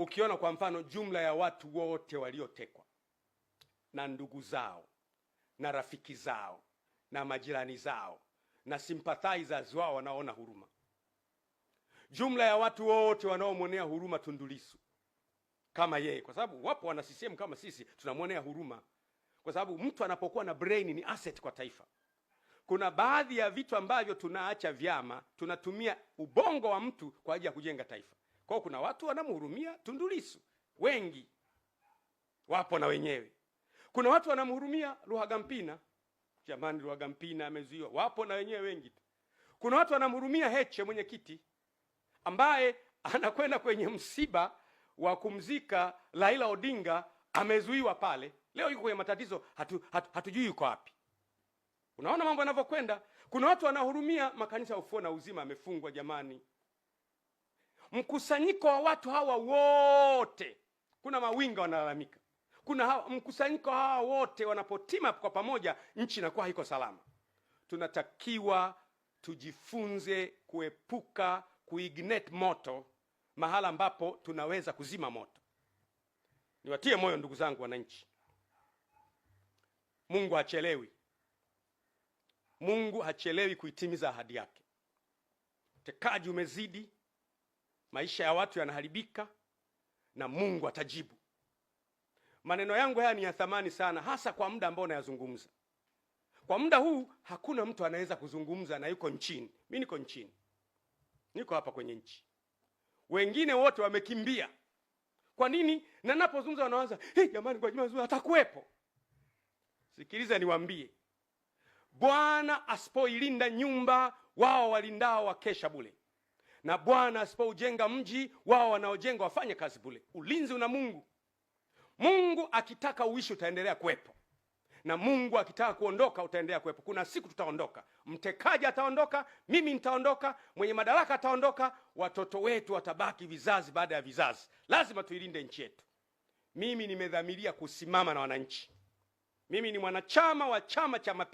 Ukiona kwa mfano jumla ya watu wote waliotekwa na ndugu zao na rafiki zao na majirani zao na sympathizers wao wanaona huruma, jumla ya watu wote wanaomwonea huruma Tundu Lissu kama yeye, kwa sababu wapo wana CCM kama sisi tunamwonea huruma, kwa sababu mtu anapokuwa na brain ni asset kwa taifa. Kuna baadhi ya vitu ambavyo tunaacha vyama, tunatumia ubongo wa mtu kwa ajili ya kujenga taifa. Kwa kuna watu wanamhurumia Tundu Lissu wengi wapo na wenyewe. Kuna watu wanamhurumia Mpina, jamani, Mpina amezuiwa, wapo na wenyewe wengi tu. Kuna watu wanamhurumia Heche, mwenyekiti ambaye anakwenda kwenye msiba wa kumzika Raila Odinga, amezuiwa pale, leo yuko kwenye matatizo, hatu, hatu, hatujui yuko wapi. Unaona mambo yanavyokwenda. Kuna watu wanahurumia makanisa ya Ufufuo na Uzima, amefungwa jamani mkusanyiko wa watu hawa wote, kuna mawinga wanalalamika, kuna hawa, mkusanyiko hawa wote wanapotima kwa pamoja, nchi inakuwa haiko salama. Tunatakiwa tujifunze kuepuka kuignite moto mahala ambapo tunaweza kuzima moto. Niwatie moyo ndugu zangu wananchi, Mungu hachelewi. Mungu hachelewi kuitimiza ahadi yake. Utekaji umezidi, maisha ya watu yanaharibika, na Mungu atajibu. Maneno yangu haya ni ya thamani sana, hasa kwa muda ambao nayazungumza. Kwa muda huu hakuna mtu anaweza kuzungumza na yuko nchini. Mimi niko nchini, niko hapa kwenye nchi, wengine wote wamekimbia. Kwa nini? Na napozungumza wanaanza hey, jamani, kwa atakuwepo. Sikiliza niwaambie, Bwana asipoilinda nyumba, wao walindao wakesha bule na Bwana asipoujenga mji, wao wanaojenga wafanye kazi bule. Ulinzi una Mungu. Mungu akitaka uishi utaendelea kuwepo, na Mungu akitaka kuondoka utaendelea kuwepo. Kuna siku tutaondoka, mtekaji ataondoka, mimi nitaondoka, mwenye madaraka ataondoka, watoto wetu watabaki vizazi baada ya vizazi. Lazima tuilinde nchi yetu. Mimi nimedhamiria kusimama na wananchi. Mimi ni mwanachama wa Chama cha